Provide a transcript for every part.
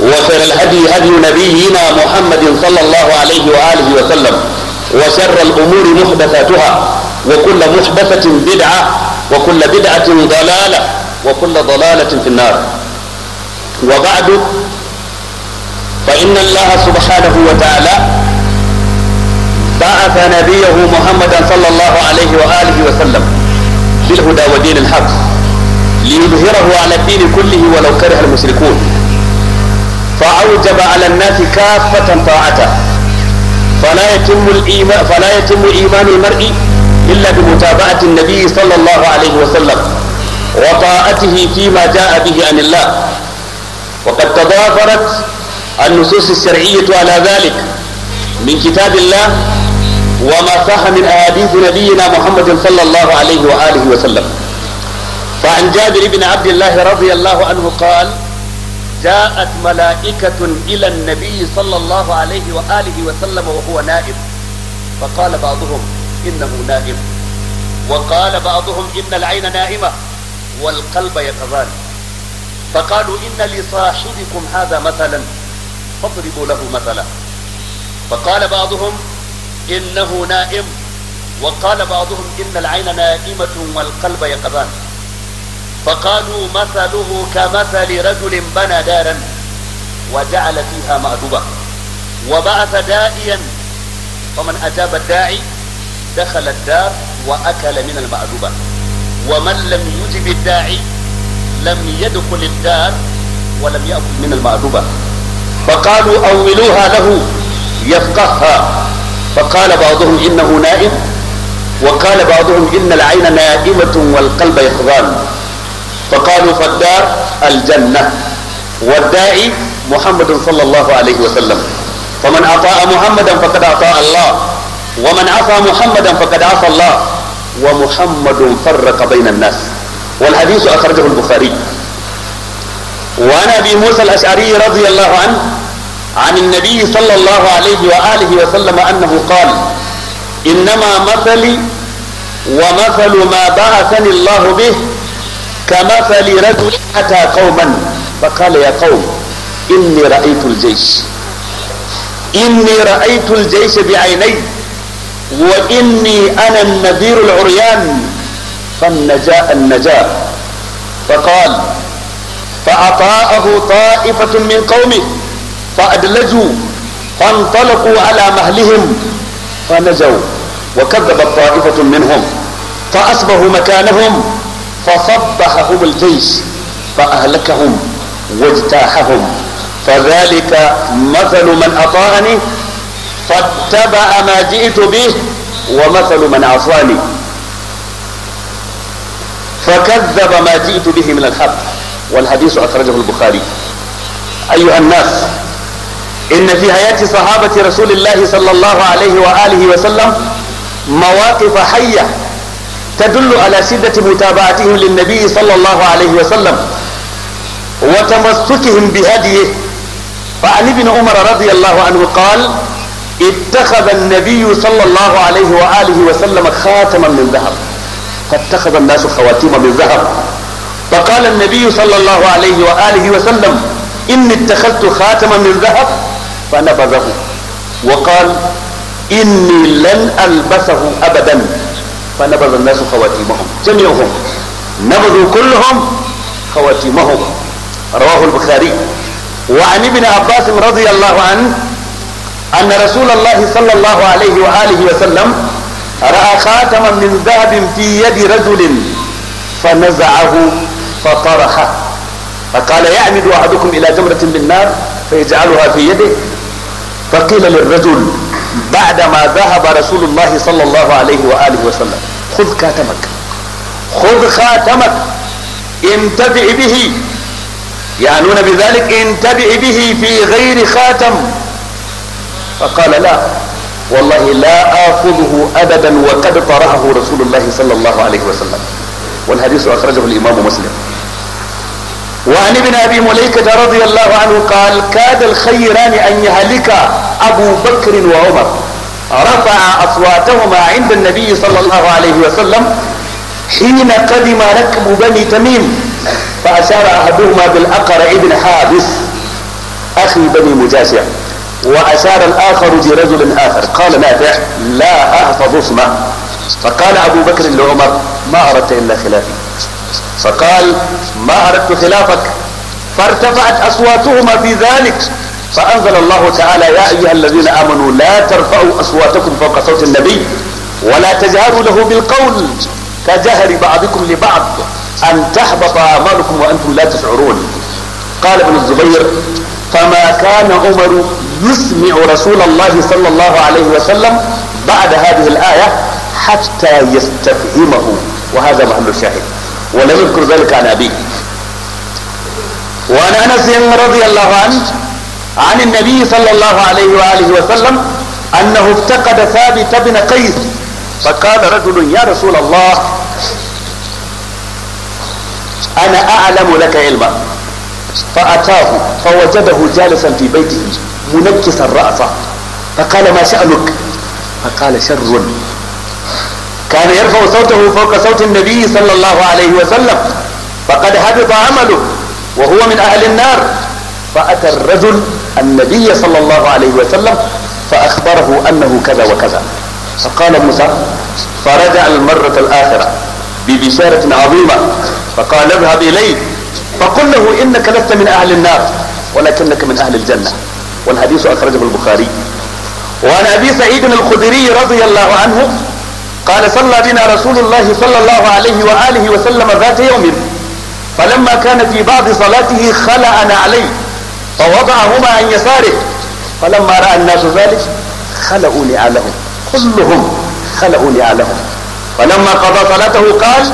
وخير الهدي هدي نبينا محمد صلى الله عليه وآله وسلم وشر الأمور محدثاتها وكل محدثة بدعة وكل بدعة ضلالة وكل ضلالة في النار وبعد فإن الله سبحانه وتعالى بعث نبيه محمدا صلى الله عليه وآله وسلم بالهدى ودين الحق ليظهره على الدين كله ولو كره المشركون فأوجب على الناس كافة طاعته فلا يتم الإيمان فلا يتم إيمان المرء إلا بمتابعة النبي صلى الله عليه وسلم وطاعته فيما جاء به عن الله وقد تضافرت النصوص الشرعية على ذلك من كتاب الله وما صح من أحاديث نبينا محمد صلى الله عليه وآله وسلم فعن جابر بن عبد الله رضي الله عنه قال جاءت ملائكة إلى النبي صلى الله عليه وآله وسلم وهو نائم فقال بعضهم إنه نائم وقال بعضهم إن العين نائمة والقلب يقظان فقالوا إن لصاحبكم هذا مثلا فاضربوا له مثلا فقال بعضهم إنه نائم وقال بعضهم إن العين نائمة والقلب يقظان فقالوا مثله كمثل رجل بنى دارا وجعل فيها مأدبة وبعث داعيا فمن أجاب الداعي دخل الدار وأكل من المأدبة ومن لم يجب الداعي لم يدخل الدار ولم يأكل من المأدبة فقالوا أولوها له يفقهها فقال بعضهم إنه نائم وقال بعضهم إن العين نائمة والقلب يخضان فقالوا فالدار الجنة والداعي محمد صلى الله عليه وسلم فمن أطاع محمدا فقد أطاع الله ومن عصى محمدا فقد عصى الله ومحمد فرق بين الناس والحديث أخرجه البخاري وعن أبي موسى الأشعري رضي الله عنه عن النبي صلى الله عليه وآله وسلم أنه قال إنما مثلي ومثل ما بعثني الله به فلي رجل أتى قوما فقال يا قوم إني رأيت الجيش إني رأيت الجيش بعيني وإني أنا النذير العريان فالنجاء النجاء فقال فأطاءه طائفة من قومه فأدلجوا فانطلقوا على مهلهم فنجوا وكذب الطائفة منهم فأصبحوا مكانهم فصبحهم الجيش فأهلكهم واجتاحهم فذلك مثل من أطاعني فاتبع ما جئت به ومثل من عصاني فكذب ما جئت به من الحق والحديث أخرجه البخاري أيها الناس إن في حياة صحابة رسول الله صلى الله عليه وآله وسلم مواقف حية تدل على شدة متابعتهم للنبي صلى الله عليه وسلم وتمسكهم بهديه فعن ابن عمر رضي الله عنه قال اتخذ النبي صلى الله عليه وآله وسلم خاتما من ذهب فاتخذ الناس خواتيم من ذهب فقال النبي صلى الله عليه وآله وسلم إني اتخذت خاتما من ذهب فنبذه وقال إني لن ألبسه أبدا فنبذ الناس خواتيمهم جميعهم نبذوا كلهم خواتيمهم رواه البخاري وعن ابن عباس رضي الله عنه أن رسول الله صلى الله عليه وآله وسلم رأى خاتما من ذهب في يد رجل فنزعه فطرحه فقال يعمد أحدكم إلى جمرة من نار فيجعلها في يده فقيل للرجل بعدما ذهب رسول الله صلى الله عليه وآله وسلم خذ خاتمك خذ خاتمك انتفع به يعنون بذلك انتبع به في غير خاتم فقال لا والله لا آخذه أبدا وقد طرحه رسول الله صلى الله عليه وسلم والحديث أخرجه الإمام مسلم وعن ابن أبي مليكة رضي الله عنه قال كاد الخيران أن يهلك أبو بكر وعمر رفع أصواتهما عند النبي صلى الله عليه وسلم حين قدم ركب بني تميم فأشار أحدهما بالأقرع بن حابس أخي بني مجاشع وأشار الآخر برجل آخر قال نافع لا أحفظ اسمه فقال أبو بكر لعمر ما أردت إلا خلافي فقال ما أردت خلافك فارتفعت أصواتهما في ذلك فأنزل الله تعالى يا أيها الذين آمنوا لا ترفعوا أصواتكم فوق صوت النبي ولا تجهروا له بالقول كجهر بعضكم لبعض أن تحبط أعمالكم وأنتم لا تشعرون قال ابن الزبير فما كان عمر يسمع رسول الله صلى الله عليه وسلم بعد هذه الآية حتى يستفهمه وهذا محل الشاهد ولم يذكر ذلك عن أبيه وعن أنس رضي الله عنه عن النبي صلى الله عليه وآله وسلم أنه افتقد ثابت بن قيس فقال رجل يا رسول الله أنا أعلم لك علما فأتاه فوجده جالسا في بيته منكسا رأسه فقال ما شأنك فقال شر كان يرفع صوته فوق صوت النبي صلى الله عليه وسلم فقد هبط عمله وهو من أهل النار فأتى الرجل النبي صلى الله عليه وسلم فأخبره أنه كذا وكذا فقال موسى فرجع المرة الآخرة ببشارة عظيمة فقال اذهب إليه فقل له إنك لست من أهل النار ولكنك من أهل الجنة والحديث أخرجه البخاري وعن أبي سعيد الخدري رضي الله عنه قال صلى بنا رسول الله صلى الله عليه وآله وسلم ذات يوم فلما كان في بعض صلاته خلعنا عليه فوضعهما عن يساره فلما رأى الناس ذلك خلعوا نعالهم كلهم خلعوا نعالهم فلما قضى صلاته قال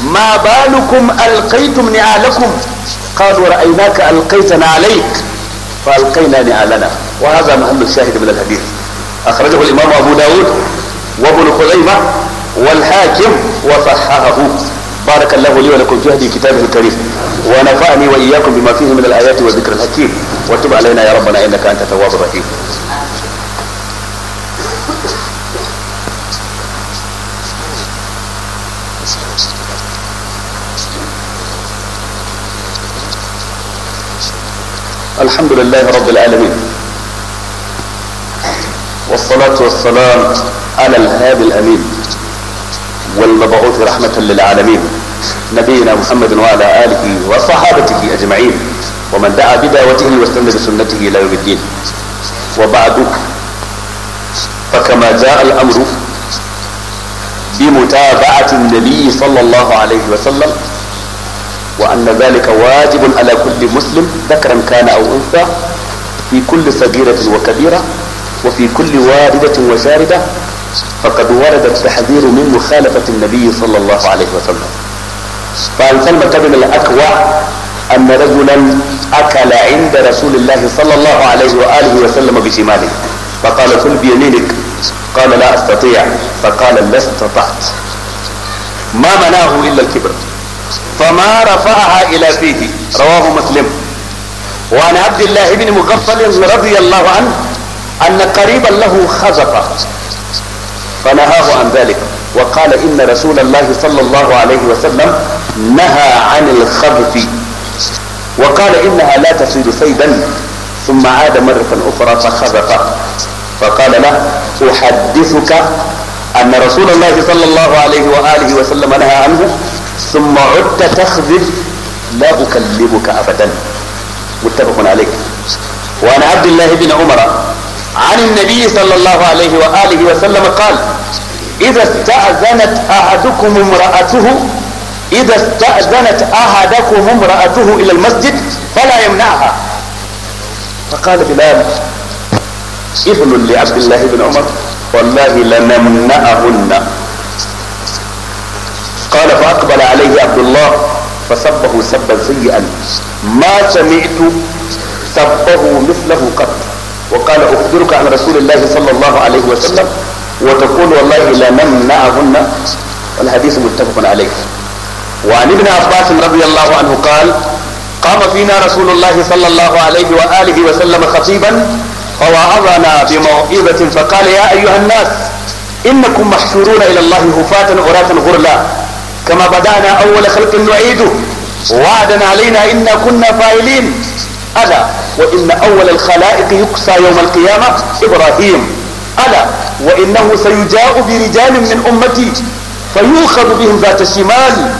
ما بالكم ألقيتم نعالكم قالوا رأيناك ألقيتنا عليك فألقينا نعالنا وهذا محل الشاهد من الحديث أخرجه الإمام أبو داود وابن خزيمة والحاكم وصححه بارك الله لي ولكم في هذه كتابه الكريم ونفعني وإياكم بما فيه من الآيات والذكر الحكيم وتب علينا يا ربنا إنك أنت التواب الرحيم الحمد لله رب العالمين والصلاة والسلام على الهادي الأمين والمبعوث رحمة للعالمين نبينا محمد وعلى آله وصحابته أجمعين ومن دعا بدعوته واستنى بسنته إلى يوم الدين وبعد فكما جاء الأمر بمتابعة النبي صلى الله عليه وسلم وأن ذلك واجب على كل مسلم ذكرا كان أو أنثى في كل صغيرة وكبيرة وفي كل واردة وشاردة فقد ورد التحذير من مخالفة النبي صلى الله عليه وسلم فعن سلمة بن الأكوع أن رجلا أكل عند رسول الله صلى الله عليه وآله وسلم بشماله فقال كل بيمينك قال لا أستطيع فقال لا استطعت ما مناه إلا الكبر فما رفعها إلى فيه رواه مسلم وعن عبد الله بن مغفل رضي الله عنه أن قريبا له خزف فنهاه عن ذلك وقال إن رسول الله صلى الله عليه وسلم نهى عن الخبث وقال إنها لا تصيد صيدا ثم عاد مرة أخرى فخبث فقال له أحدثك أن رسول الله صلى الله عليه وآله وسلم نهى عنه ثم عدت تخذف لا أكلمك أبدا متفق عليك وعن عبد الله بن عمر عن النبي صلى الله عليه وآله وسلم قال إذا استأذنت أحدكم امرأته إذا استأذنت أحدكم امرأته إلى المسجد فلا يمنعها فقال بلال ابن لعبد الله بن عمر والله لنمنعهن قال فأقبل عليه عبد الله فسبه سبا سيئا ما سمعت سبه مثله قط وقال أخبرك عن رسول الله صلى الله عليه وسلم وتقول والله لنمنعهن والحديث متفق عليه وعن ابن عباس رضي الله عنه قال قام فينا رسول الله صلى الله عليه وآله وسلم خطيبا فوعظنا بموعظة فقال يا أيها الناس إنكم محشورون إلى الله هفاة عراة غرلا كما بدأنا أول خلق نعيده وعدا علينا إنا كنا فاعلين ألا وإن أول الخلائق يقصى يوم القيامة إبراهيم ألا وإنه سيجاء برجال من أمتي فيوخذ بهم ذات الشمال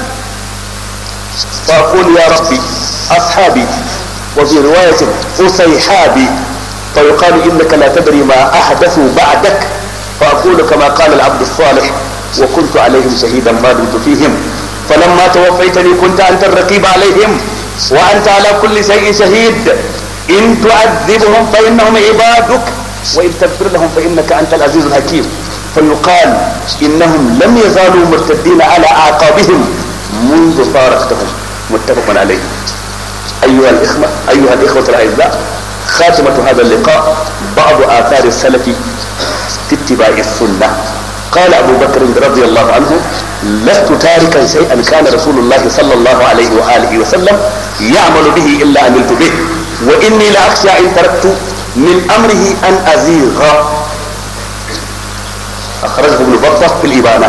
فأقول يا ربي أصحابي وفي رواية أصيحابي فيقال إنك لا تدري ما أحدثوا بعدك فأقول كما قال العبد الصالح وكنت عليهم شهيدا ما دمت فيهم فلما توفيتني كنت أنت الرقيب عليهم وأنت على كل شيء شهيد إن تعذبهم فإنهم عبادك وإن تغفر لهم فإنك أنت العزيز الحكيم فيقال إنهم لم يزالوا مرتدين على أعقابهم منذ فارقتهم متفق عليه أيها الإخوة أيها الإخوة الأعزاء خاتمة هذا اللقاء بعض آثار السلف في اتباع السنة قال أبو بكر رضي الله عنه لست تاركا شيئا كان رسول الله صلى الله عليه وآله وسلم يعمل به إلا عملت به وإني لأخشى إن تركت من أمره أن أزيغ أخرجه ابن بطة في الإبانة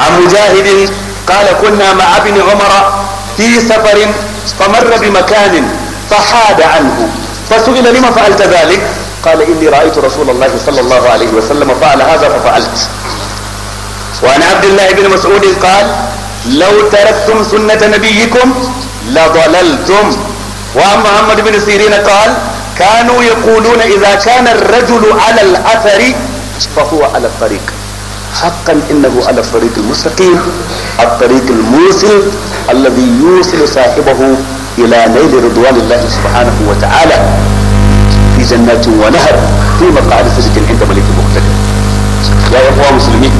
عن مجاهد قال كنا مع ابن عمر في سفر فمر بمكان فحاد عنه فسئل لما فعلت ذلك قال إني رأيت رسول الله صلى الله عليه وسلم فعل هذا ففعلت وعن عبد الله بن مسعود قال لو تركتم سنة نبيكم لضللتم وعن محمد بن سيرين قال كانوا يقولون إذا كان الرجل على الأثر فهو على الطريق حقا إنه على الطريق المستقيم الطريق الموصل الذي يوصل صاحبه إلى نيل رضوان الله سبحانه وتعالى في جنات ونهر في مقعد سجد عند ملك مقتدر يا إخوة مسلمين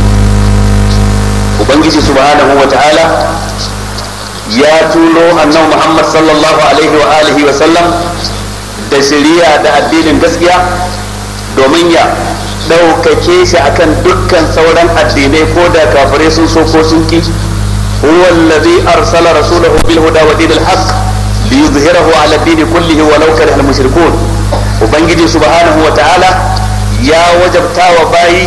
وبنجي سبحانه وتعالى ya tulo annabi Muhammad sallallahu alaihi wa alihi wa sallam da shari'a da addinin gaskiya domin ya ɗaukake shi akan dukkan sauran addinai ko da kafirai sun so ko sun ki huwa allazi arsala rasulahu bil huda wa dinil haqq li yuzhirahu ala dini kullihi wa law kariha al mushrikun ubangiji subhanahu wa ta'ala ya wajabtawa bayi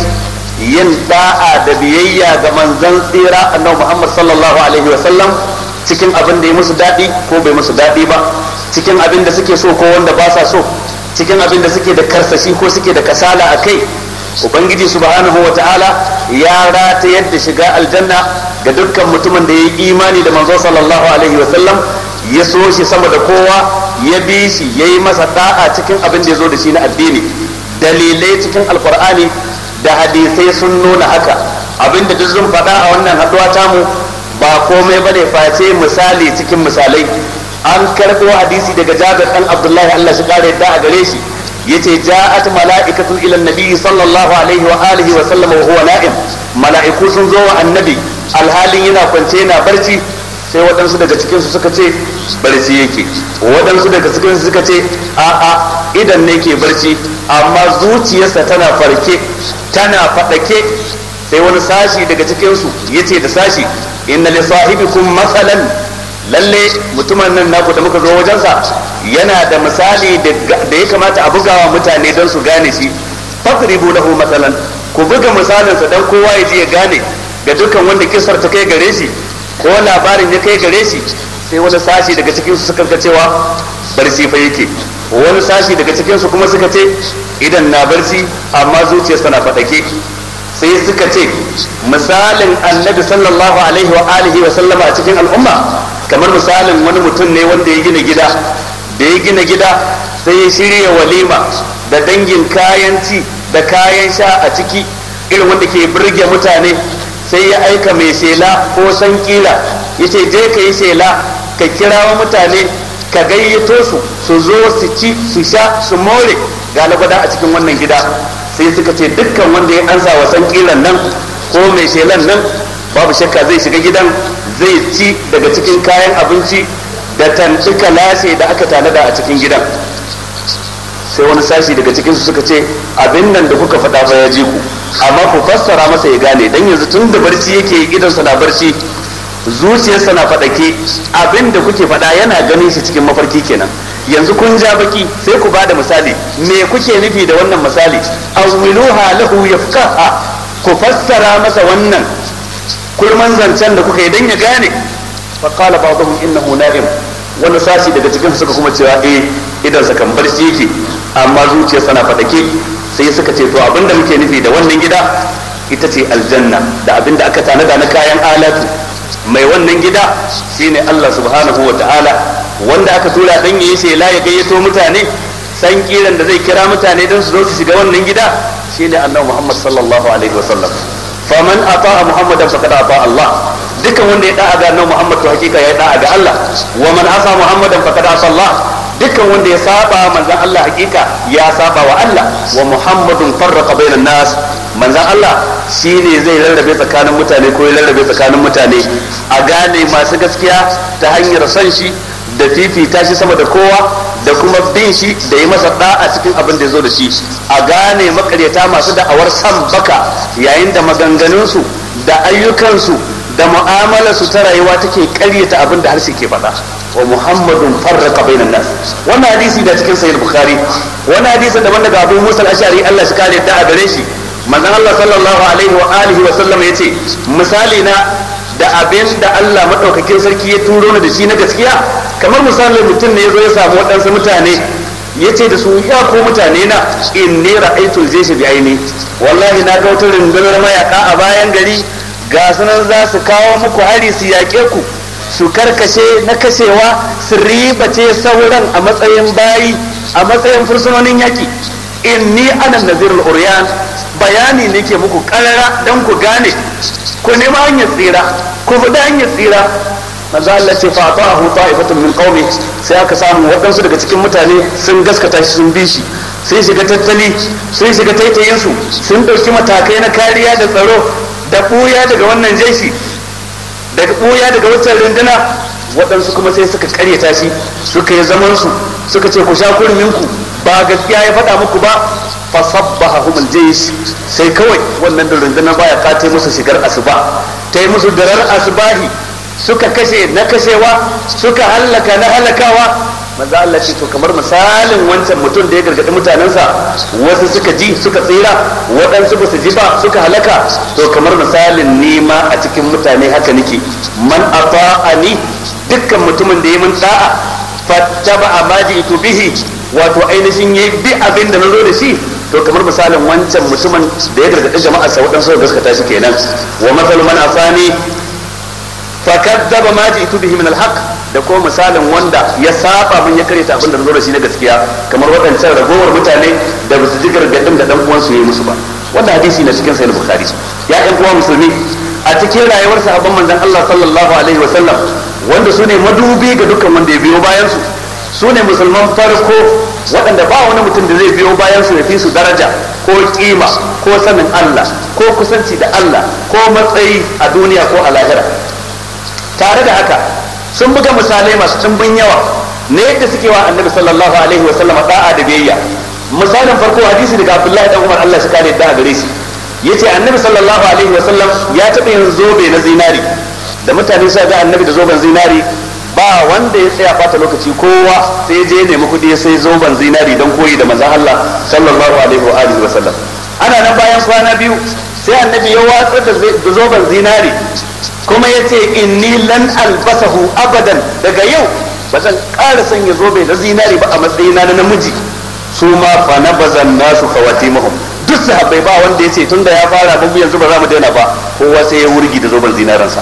yin da'a da biyayya ga manzon tsira annabi Muhammad sallallahu alaihi wa sallam cikin abin da ya musu daɗi ko bai musu daɗi ba cikin abin da suke so ko wanda ba sa so cikin abin da suke da karsashi ko suke da kasala a kai ubangiji subhanahu ta'ala ya rata yadda shiga aljanna ga dukkan mutumin da ya yi imani da manzo sallallahu alaihi wa sallam ya so shi sama da kowa ya bi shi ya yi masa da'a cikin abin da ya zo da shi na addini dalilai cikin alkur'ani da hadisai sun nuna haka abin da duk zun faɗa a wannan haɗuwa tamu ba komai ba ne face misali cikin misalai an karɓo hadisi daga jabir ɗan abdullahi allah shi kare yadda a gare shi yace ja'at mala'ikatu ila nabi sallallahu alaihi wa alihi wa sallama wa huwa na'im mala'iku sun zo wa annabi alhalin yana kwance yana barci sai waɗansu daga cikinsu suka ce barci yake waɗansu daga cikinsu suka ce a'a idan ne ke barci amma zuciyarsa tana farke tana faɗake sai wani sashi daga cikin su yace da sashi inna li sahibikum masalan lalle mutumin nan naku da muka zo wajensa yana da misali da ya kamata a bugawa mutane don su gane shi fakribu lahu masalan ku buga misalinsa dan kowa ya je ya gane ga dukkan wanda kisar ta kai gare shi ko labarin ya kai gare shi sai wani sashi daga cikin su suka cewa barci fa yake wani sashi daga cikin su kuma suka ce idan na barci amma zuciyarsa na fadake sai suka ce misalin annabi sallallahu alaihi wa alihi wa sallama a cikin al'umma kamar misalin wani mutum ne wanda ya gina gida da ya gina gida sai ya shirya walima da dangin kayan ci da kayan sha a ciki irin wanda ke birge mutane sai ya aika mai shela ko san kila ya ce je ka yi shela ka kirawa mutane ka gayyato su su zo su ci su sha su more ga a cikin wannan gida sai suka ce dukkan wanda ya ansa wa san kilan nan ko mai shelan nan babu shakka zai shiga gidan zai ci daga cikin kayan abinci da tantuka lashe da aka tanada a cikin gidan sai wani sashi daga cikin su suka ce abin nan da kuka faɗa ba ya ji ku amma ku fassara masa ya gane dan yanzu tun da barci yake sa na barci zuciyarsa na faɗake abin da kuke faɗa yana ganin shi cikin mafarki kenan yanzu kun ja baki sai ku bada misali me kuke nufi da wannan misali awiluha lahu yafqaha ku fassara masa wannan kulman zancen da kuka yi dan ya gane fa qala ba'dhum innahu na'im wani sashi daga cikin suka kuma cewa eh idan sa kan barci yake amma zuciyarsa na fadake sai suka ce to abinda muke nufi da wannan gida ita ce aljanna da abinda aka tanada na kayan alatu mai wannan gida shine Allah subhanahu wa ta'ala wanda aka tura dan yayi sai la ya gayyato mutane san kiran da zai kira mutane don su zo su shiga wannan gida shine Annabi Muhammad sallallahu alaihi wa sallam faman ata'a Muhammadan faqad ata'a Allah dukan wanda ya da'a ga Annabi Muhammad to hakika ya da'a ga Allah wa man asa Muhammadan faqad asa Allah dukan wanda ya saba manzon Allah hakika ya saba wa Allah wa Muhammadun farraqa bainan nas manzan Allah shi ne zai rarrabe tsakanin mutane ko ya rarrabe tsakanin mutane a gane masu gaskiya ta hanyar son shi da fifita shi sama da kowa da kuma bin shi da yi masa a cikin abin da ya zo da shi a gane makaryata masu da'awar san baka yayin da maganganunsu da ayyukansu da mu'amalarsu ta rayuwa take karyata abin da harshe ke faɗa wa muhammadun farraka bainan nas wannan hadisi da cikin sahih bukhari wannan hadisi daban ga abu musa al-ash'ari Allah shi kare da a gare shi manzon Allah sallallahu alaihi wa alihi wa sallam yace misali na da abin da Allah madaukakin sarki ya turo ni da shi na gaskiya kamar misalin mutum ne yazo ya samu waɗansu mutane yace da su ya ko mutane na in ne ra'aytul zai bi aini wallahi na ga wata rundunar mayaka a bayan gari ga sunan za su kawo muku hari su yaƙe ku su karkashe na kashewa su ribace sauran a matsayin bayi a matsayin fursunonin yaƙi inni ana nazir al-uryan bayani ne ke muku karara dan ku gane ku nema hanyar tsira ku faɗi hanyar tsira manzo Allah ce fa ta'ahu ta'ifatun min qaumi sai aka samu waɗansu daga cikin mutane sun gaskata shi sun bi shi sun shiga tattali sun shiga taitayin su sun dauki matakai na kariya da tsaro da ɓuya daga wannan jeshi daga ɓuya daga wancan runduna waɗansu kuma sai suka karyata shi suka yi zaman su suka ce ku sha kurmin ku ba gaskiya ya faɗa muku ba fa sabbaha humul sai kawai wannan da rundunar baya ka ta musu shigar asuba ta yi musu darar asubahi suka kashe na kashewa suka hallaka na halakawa manzo Allah ce to kamar misalin wancan mutum da ya gargadi mutanensa wasu suka ji suka tsira waɗansu ba su ji ba suka halaka to kamar misalin nima a cikin mutane haka nake man ata'ani dukkan mutumin da ya mun da'a taba amaji ji'tu bihi wato ainihin yayi bi abin da nazo da shi to kamar misalin wancan mutumin da ya gargaɗi jama'a sa waɗansu da ta shi kenan wa mathalu man afani fakaddaba ma ji'tu bihi min alhaq da ko misalin wanda ya saba mun ya kareta abin da nazo da shi na gaskiya kamar waɗancan ragowar mutane da su ji gargaɗin da dan su yayi musu ba wannan hadisi na cikin sahih bukhari ya ɗan uwa musulmi a cikin rayuwar sahabban manzon Allah sallallahu alaihi wa sallam wanda su ne madubi ga dukkan wanda ya biyo bayansu su ne musulman farko waɗanda ba wani mutum da zai biyo bayansu ya fi su daraja ko kima ko sanin Allah ko kusanci da Allah ko matsayi a duniya ko a lahira tare da haka sun buga misalai masu cimbin yawa na yadda suke wa annabi sallallahu alaihi wa sallama da'a da biyayya misalin farko hadisi daga abdullahi dan umar Allah shi kare da gare shi yace annabi sallallahu alaihi wa sallam ya taɓa yin zobe na zinari da mutane sa ga annabi da zoben zinari ba wanda ya tsaya fata lokaci kowa sai je nemi kudi sai zoben zinari don koyi da manzon Allah sallallahu alaihi wa alihi wa sallam ana nan bayan kwana biyu sai annabi ya watsar da zoben zinari kuma ya ce inni lan albasahu abadan daga yau ba zan ƙara sanya zobe da zinari ba a matsayina na namiji su ma fa na bazan nasu kawati mahum duk sahabbai ba wanda ya ce tun da ya fara babu yanzu ba za mu daina ba kowa sai ya wurgi da zoben zinaransa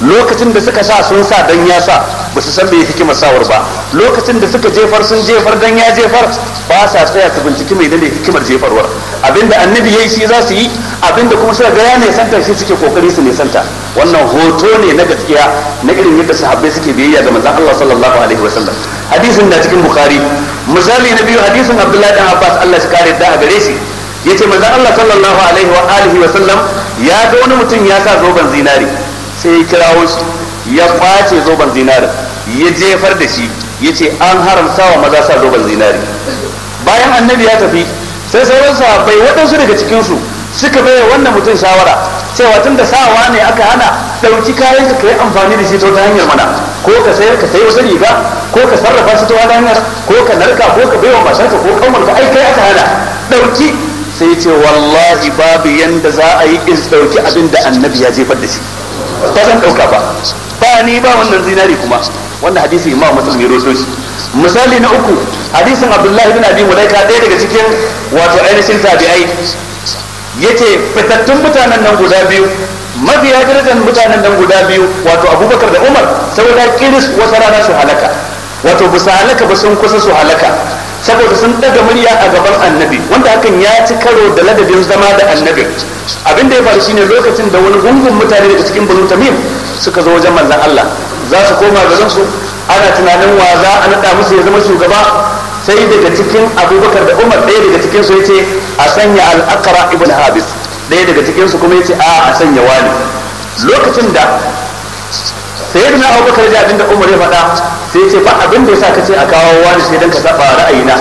lokacin da suka sa sun sa dan ya sa ba su san me hikimar sawar ba lokacin da suka jefar sun jefar dan ya jefar ba sa tsaya ta binciki mai dane hikimar jefarwar abinda annabi yayi shi za su yi abinda kuma suka ga ya ne santa shi suke kokari su ne santa wannan hoto ne na gaskiya na irin yadda sahabbai suke biyayya ga manzon Allah sallallahu alaihi wasallam hadisin na cikin bukhari misali na biyu hadisin abdullahi dan abbas Allah shi kare da a gare shi yace manzon Allah sallallahu alaihi wa alihi wasallam ya ga wani mutum ya sa zoben zinari sai ya kirawo shi ya kwace zoben zinari ya jefar da shi ya ce an haramta wa maza sa zoben zinari bayan annabi ya tafi sai sauran sahabbai waɗansu daga cikinsu suka bai wannan mutum shawara cewa tun da sawa ne aka hana ɗauki kayan ka yi amfani da shi ta wata hanyar mana ko ka sayar ka sayi wasu riga ko ka sarrafa shi ta wata hanyar ko ka narka ko ka bai baiwa matarka ko kamar ka aikai aka hana ɗauki sai ce wallahi babu yanda za a yi in ɗauki abin da annabi ya jefar da shi ta zan dauka ba ba ni ba wannan zinari kuma wannan hadisi imam muslim ya shi misali na uku hadisin abdullahi bin abi mulaika ɗaya daga cikin wato ainihin tabi'ai yace fitattun mutanen nan guda biyu mafiya darajar mutanen nan guda biyu wato abubakar da umar saboda kiris wata rana su halaka wato bisa halaka ba sun kusa su halaka saboda sun daga murya a gaban annabi wanda hakan ya ci karo da ladabin zama da annabi abin da ya faru shine lokacin da wani gungun mutane daga cikin banu tamim suka zo wajen manzon Allah za su koma garin su ana tunanin wa za a nada musu ya zama shugaba sai daga cikin abubakar da umar ɗaya daga cikin su yace a sanya al-aqra ibn habis ɗaya daga cikin su kuma yace a a sanya wani lokacin da sayyidina abubakar da abin da umar ya faɗa sai ce ba abin da sa ka ce a kawo wani sai dan ka saba ra'ayina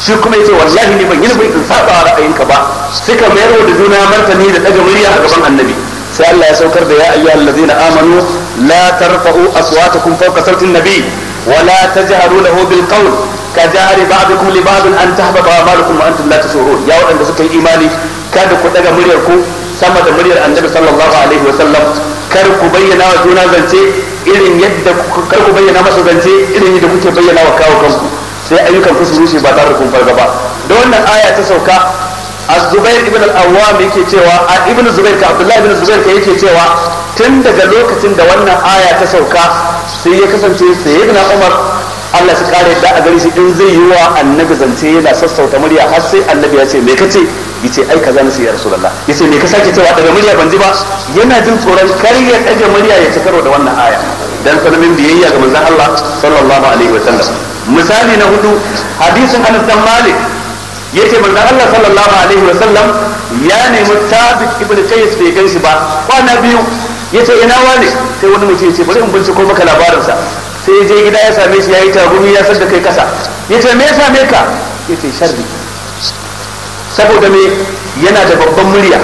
shi kuma yace wallahi ne ban yi nufin in saba ra'ayinka ba suka mayar da juna martani da daga murya a gaban annabi sai Allah ya saukar da ya ayyuhal na amanu la tarfa'u aswatakum fawqa sawti an-nabi wa la tajharu lahu bil qawl kajari ba'dukum li ba'd an tahbata a'malukum wa antum la tashurun ya wadanda suka yi imani kada ku daga muryar ku sama da muryar annabi sallallahu alaihi sallam kar ku bayyana wa juna zance irin yadda kar ku bayyana masa zance irin yadda kuke bayyana wa kawo kanku sai ayyukan ku su rushe ba tare da kun farga ba da wannan aya ta sauka az-zubair ibn al-awwam yake cewa ibn zubair ka abdullah ibn zubair ka yake cewa tun daga lokacin da wannan aya ta sauka sai ya kasance sayyidina umar Allah shi kare da a gari shi in zai yi wa annabi zance yana sassauta murya har sai annabi ya ce me kace yace ai kaza na sai ya rasulullah yace me ka sake cewa daga murya ban ji ba yana jin tsoron kar ya daga murya ya ci karo da wannan aya dan sanin biyayya ga manzon Allah sallallahu alaihi wa sallam misali na hudu hadisin Anas bin Malik yace manzon Allah sallallahu alaihi wa sallam ya nemi tabi ibn Qais bai ganshi ba kwana biyu yace ina wane sai wani mutum yace bari in binciko maka sa sai ya je gida ya same shi yayi tagumi ya sarda kai kasa yace me ya same ka yace sharri saboda me yana da babban murya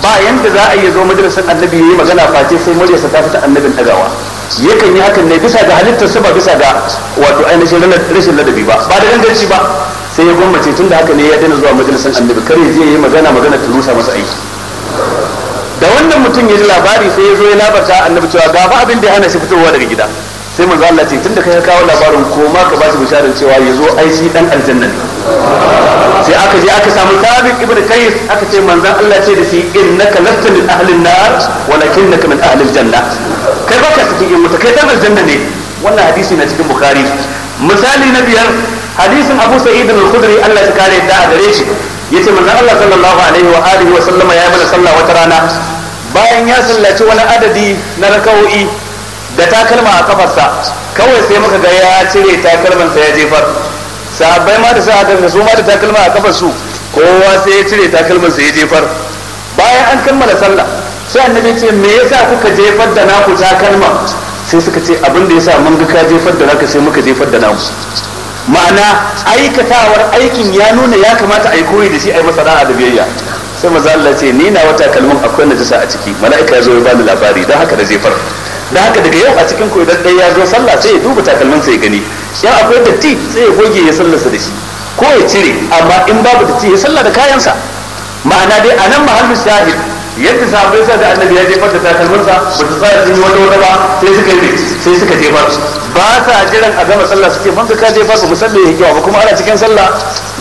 ba yanda za a yi zo majalisar annabi yayi magana face sai muryarsa ta fita annabin dagawa yakan yi hakan ne bisa ga halittar sa ba bisa ga wato ainihin rashin ladabi ba ba da gangarci ba sai ya gwammace tun da haka ne ya daina zuwa majalisar annabi kare zai yi magana magana ta rusa masa aiki da wannan mutum ya ji labari sai ya zo ya labarta annabi cewa ga ba abin da ya hana shi fitowa daga gida sai manzo Allah ce tunda kai ka kawo labarin ko ma ka shi bisharin cewa ya zo shi dan aljanna ne sai aka je aka samu tabi ibnu kayyis aka ce manzo Allah ce da shi innaka lastu min ahli an-nar walakinaka min ahli al-janna kai baka cikin yin mutai kai dan aljanna ne wannan hadisi na cikin Bukhari misali na biyar hadisin Abu Sa'id al-Khudri Allah ya kare da gare shi yace manzo Allah sallallahu alaihi wa alihi wa sallama ya mana sallah wata rana bayan ya sallaci wani adadi na raka'o'i da takalma a kafarsa kawai sai muka ga ya cire takalmansa ya jefar sahabbai ma da sa aka su ma da takalma a kafarsu kowa sai ya cire takalmansa ya jefar bayan an kammala sallah sai annabi ce me yasa kuka jefar da naku takalma sai suka ce abin da yasa mun ga ka jefar da naka sai muka jefar da namu ma'ana aikatawar aikin ya nuna ya kamata a yi koyi da shi a yi masa da biyayya sai maza Allah ce ni na wata kalmin akwai najasa a ciki mala'ika ya zo ya bani labari don haka da jefar da haka daga yau a cikin ku idan ya zo sallah sai ya duba takalmin sai ya gani in akwai datti sai ya goge ya sallarsa da shi ko ya cire amma in babu datti ya sallah da kayansa ma'ana dai a nan mahallin shahid yadda sahabbai sa da annabi ya jefar da takalminsa ba su sa sun yi wata wata ba sai suka yi sai suka jefar ba sa jiran a gama sallah suke banka ka jefar ba mu ya kiwa ba kuma ana cikin sallah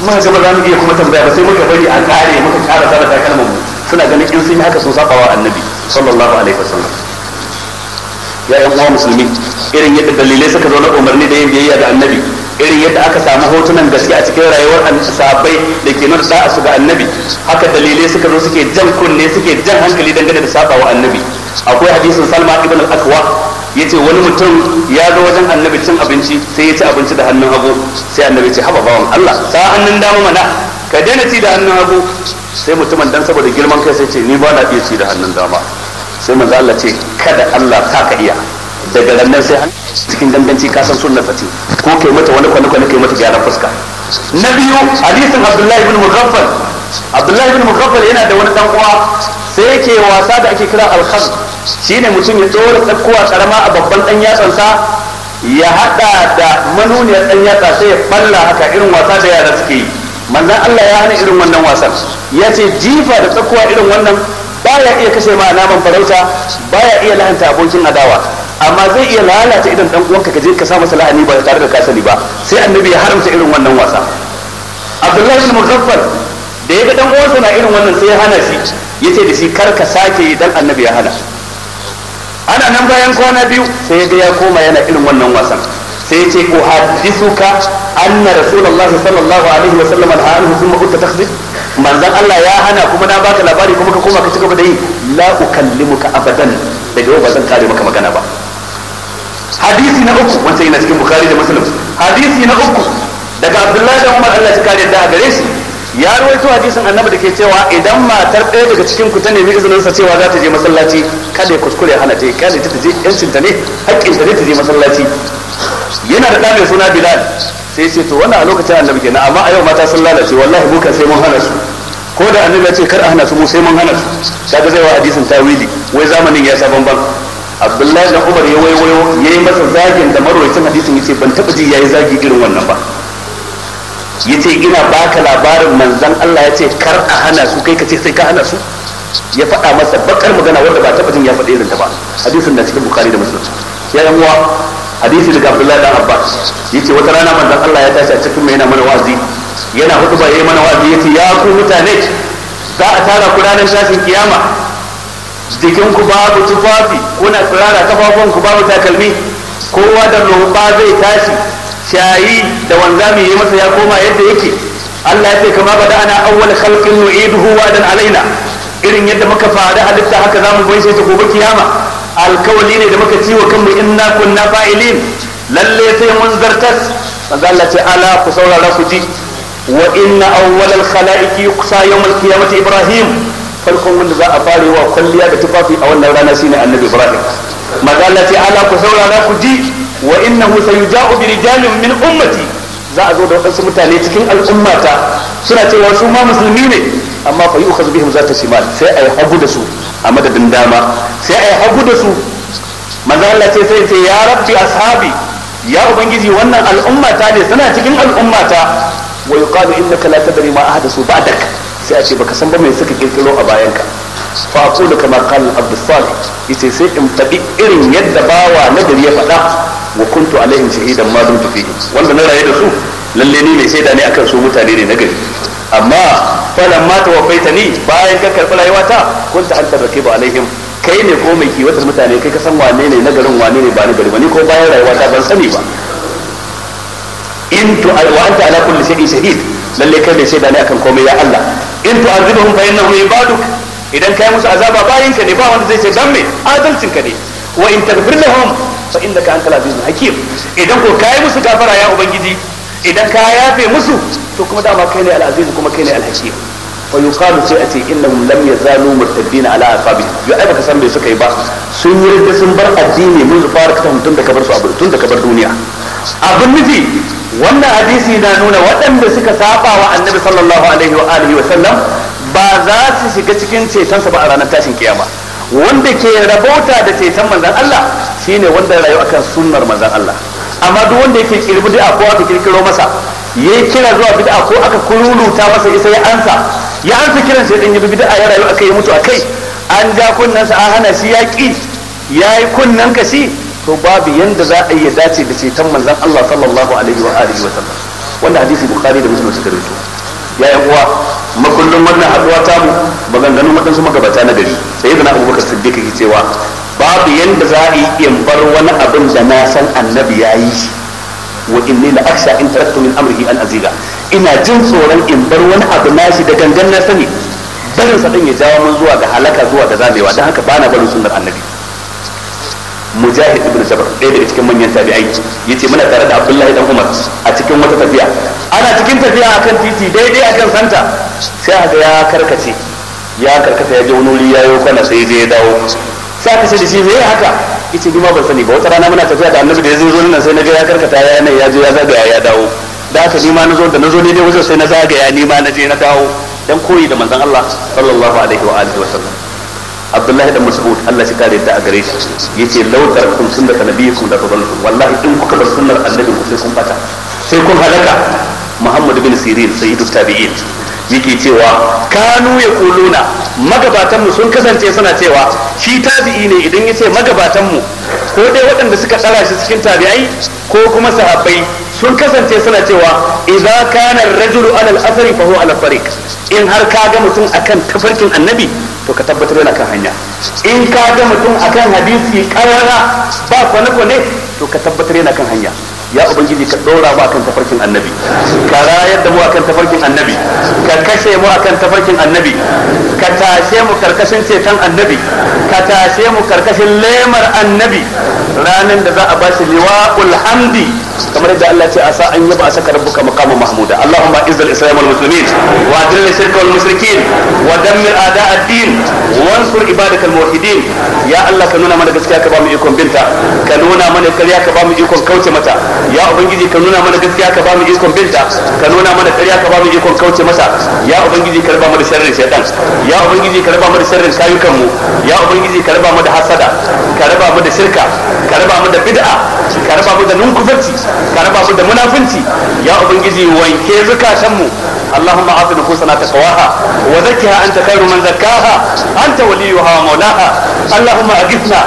muka gaba za mu iya kuma tambaya ba sai muka bari a kare muka kara sa da takalmin suna ganin in sun yi haka sun saba wa annabi sallallahu alaihi wasallam ya yan uwa musulmi irin yadda dalilai suka zo na umarni da yin biyayya da annabi irin yadda aka samu hotunan gaske a cikin rayuwar sabai da ke nuna sa'a su ga annabi haka dalilai suka zo suke jan kunne suke jan hankali dangane da sabawa annabi akwai hadisin salma ibn al-akwa ce wani mutum ya zo wajen annabi cin abinci sai ya ci abinci da hannun hagu sai annabi ce haba bawan Allah sa hannun dama mana ka daina ci da hannun hagu sai mutumin dan saboda girman kai sai ce ni ba na iya ci da hannun dama sai manzo Allah ce kada Allah ta ka iya daga ranar sai hannu cikin ganganci ka san sunnar fati. ko kai mata wani kwana kwana kai mata gyaran fuska na biyu hadisin Abdullahi ibn Mughaffal Abdullahi ibn Mughaffal yana da wani dan uwa sai yake wasa da ake kira al khaz shine mutum ya tsora tsakkuwa karama a babban dan sa ya hada da manuniyar dan yatsa sai ya balla haka irin wasa da yara suke yi manzo Allah ya hana irin wannan wasan ya ce jifa da tsakkuwa irin wannan baya iya kashe ma naman farauta baya iya lahanta abokin adawa amma zai iya lalata idan dan uwanka ka je ka sa masa la'ani ba tare da ka ba sai annabi ya haramta irin wannan wasa abdullahi bin muzaffar da ya ga dan uwansa na irin wannan sai ya hana shi yace da shi kar ka sake dan annabi ya hana ana nan bayan kwana biyu sai ya ga ya koma yana irin wannan wasan sai yace ko hadithuka anna rasulullahi sallallahu alaihi wa sallam al thumma kunta manzan Allah ya hana kuma na baka labari kuma ka koma ka ci gaba da yi la ukallimuka abadan daga yau ba zan kare maka magana ba hadisi na uku wanda yana cikin bukhari da muslim hadisi na uku daga abdullahi da umar Allah ya kare da gare shi ya rawaito hadisin annabi da ke cewa idan matar ɗaya daga cikin ku ta nemi izinin sa cewa za ta je masallaci kada ya kuskure hana ta kada ta je yancin ta ne haƙƙin ta ne ta je masallaci yana da ɗa mai suna bilal sai ce to wannan a lokacin annabi kenan amma a yau mata sun lalace wallahi bukan sai mun hana su ko da annabi ya ce kar a hana su mu sai mun hana su kaga zai wa hadisin tawili wai zamanin ya sa bamban abdullahi da umar ya waiwayo ya yi masa zagin da marwacin hadisin ya ce ban taba ji ya yi zagi irin wannan ba ya ce ina baka labarin manzan allah ya ce kar a hana su kai ka ce sai ka hana su ya faɗa masa bakar magana wanda ba taba jin ya faɗi irin ta ba hadisin na cikin bukari da musulun ya yi hadisi daga abdullahi dan abbas yace wata rana manzon Allah ya tashi a cikin mai yana mana wazi yana hutuba ba yayi mana wazi yace ya ku mutane za a tara ku ranar shafin kiyama jikin ku babu tufafi kuna tsirara kafafun ku babu takalmi kowa da lumba zai tashi shayi da wanzami yayi masa ya koma yadda yake Allah ya ce kama da ana awwal khalqin nu'iduhu wa dan alaina irin yadda muka fara halitta haka zamu bai sai ta gobe kiyama alkawali ne da muka ciwo kanmu inna kunna fa'ilin lalle sai mun zartas manzo Allah ce ala ku saurara ku ji wa inna awwalal khalaiqi yuqsa yawmal qiyamati ibrahim farkon wanda za a fare wa kwalliya da tufafi a wannan rana shine annabi ibrahim manzo Allah ce ala ku saurara ku ji wa innahu sayuja'u bi rijalin min ummati za a zo da wasu mutane cikin al'ummata suna cewa su ma musulmi ne amma fa yu'khadhu bihim zata shimal sai a hagu da su a madadin dama sai a yi hagu da su manzo ce sai sai ya rabbi ashabi ya ubangiji wannan al'ummata ne suna cikin al'umma ta wa yuqalu innaka la tadri ma ahdathu ba'dak sai a ce baka san ba mai suka kirkiro a bayanka fa aqulu kama qala abd salih yace sai in tabi irin yadda bawa na gari ya faɗa wa kuntu alaihim shahidan ma dumtu fihi wanda na raye da su lalle ni mai shaida ne akan so mutane ne na gari amma falan ma ta ni bayan ka karɓi rayuwata kun ta hantar da ba alaihim kai ne ko mai kiwatar mutane kai ka san wane ne na garin wane ne ba na gari ba ni ko bayan rayuwata ban sani ba in tu wa anta ala kulli shay'in shahid lalle kai ne da ne akan komai ya Allah in tu azibhum fa innahum ibaduk idan kai musu azaba bayan ka ne ba wanda zai ce dan me adalcin ka ne wa in taghfir lahum fa innaka antal azizul hakim idan ko kai musu gafara ya ubangiji idan ka yafe musu to kuma dama kai ne al kuma kai ne alhakim fa yuqalu sai a ce innahum lam yazalu murtaddina ala aqabi yo ai baka san bai suka yi ba sun yi da sun bar addini mun su fara katan tun da kabar su abu tun da kabar duniya abin nufi wannan hadisi na nuna waɗanda suka saba wa annabi sallallahu alaihi wa alihi wa sallam ba za su shiga cikin cetonsa ba a ranar tashin kiyama wanda ke rabauta da ceton manzan Allah shine wanda ya rayu akan sunnar manzan Allah amma duk wanda yake kirbi da akwai ka kirkiro masa ya yi kira zuwa bid'a ko aka kululuta masa isa ya ansa ya ansa kiran sai din ya bi bid'a ya rayu aka yi mutu akai an ja sa an hana shi ya ki ya yi kunnan ka shi to babu yanda za a yi dace da ceton manzon Allah sallallahu alaihi wa alihi wa sallam wannan hadisi bukhari da muslim suka rubuta ya yi uwa makullin wannan haduwa ta mu maganganun waɗansu magabata na gari sai na abu bakar siddiq ke cewa babu yanda za a yi in bar wani abin da na san annabi ya yi shi wa inni la akhsha in taraktu min amrihi an azida ina jin tsoron in bar wani abu nashi da gangan na sani barin sa ya jawo mun zuwa ga halaka zuwa ga zamewa dan haka bana barin sunnar annabi mujahid ibn jabr ɗaya daga cikin manyan tabi'ai yace muna tare da abdullahi dan umar a cikin wata tafiya ana cikin tafiya akan titi daidai akan santa sai aka ya karkace ya karkata ya je wani wuri ya yi kwana sai ya dawo sai aka sai da shi me haka kici ni ma ban sani ba wata rana muna tafiya da annabi da ya zo nan sai na ga ya karkata ya nan ya je ya zagaya ya dawo da haka ni ma na zo da na zo ne dai wajen sai na zagaya ni ma na je na dawo dan koyi da manzon Allah sallallahu alaihi wa alihi wa Abdullahi da Mas'ud Allah shi kare da a gare shi yace law taraktum sunnata nabiyikum da fadaltum wallahi in kuka bar sunnar annabi ku sai kun fata sai kun halaka Muhammad bin Sirin sayyidu tabi'in yake cewa kanu ya kuluna magabatanmu sun kasance suna cewa shi tabi'i ne idan yace magabatan mu ko dai waɗanda suka tsara shi cikin tabi'ai ko kuma sahabbai sun kasance suna cewa idza kana ar-rajulu ala al-athari fa huwa ala tariq in har ka ga mutum akan tafarkin annabi to ka tabbatar yana kan hanya in ka ga mutum akan hadisi karara ba kwane kwane to ka tabbatar yana kan hanya ya ubangiji ka dora mu akan tafarkin annabi ka rayar da mu akan tafarkin annabi ka kashe mu akan tafarkin annabi ka tashe mu karkashin ceton annabi ka tashe mu karkashin lemar annabi ranar da za a bashi liwa'ul hamdi kamar yadda Allah ce a an yaba asaka rabbuka maqama mahmuda allahumma izzil islam wal muslimin wa adil shirk wal mushrikin wa dammir a'da ad-din wansur ibadak al muwahhidin ya Allah ka nuna mana gaskiya ka ba mu ikon binta ka nuna mana ƙarya ka ba mu ikon kauce mata ya ubangiji ka nuna mana gaskiya ka ba mu ikon binta ka nuna mana ƙarya ka ba mu ikon kauce masa ya ubangiji ka raba mu da sharrin shaytan ya ubangiji ka raba mu da sharrin kayukan mu ya ubangiji ka raba mu da hasada ka raba mu da shirka ka raba mu da bid'a ka raba mu da nunkufurci ka raba mu da munafunci ya ubangiji wanke zukatan mu اللهم اعط نفوسنا تقواها وزكها انت خير من زكاها انت وليها ومولاها اللهم اغثنا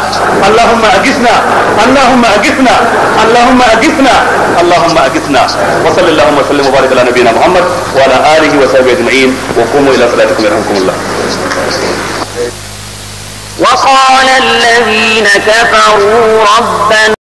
اللهم اغثنا اللهم اغثنا اللهم اغثنا اللهم اغثنا وصل اللهم وسلم وبارك على نبينا محمد وعلى اله وصحبه اجمعين وقوموا الى صلاتكم يرحمكم الله وقال الذين كفروا ربنا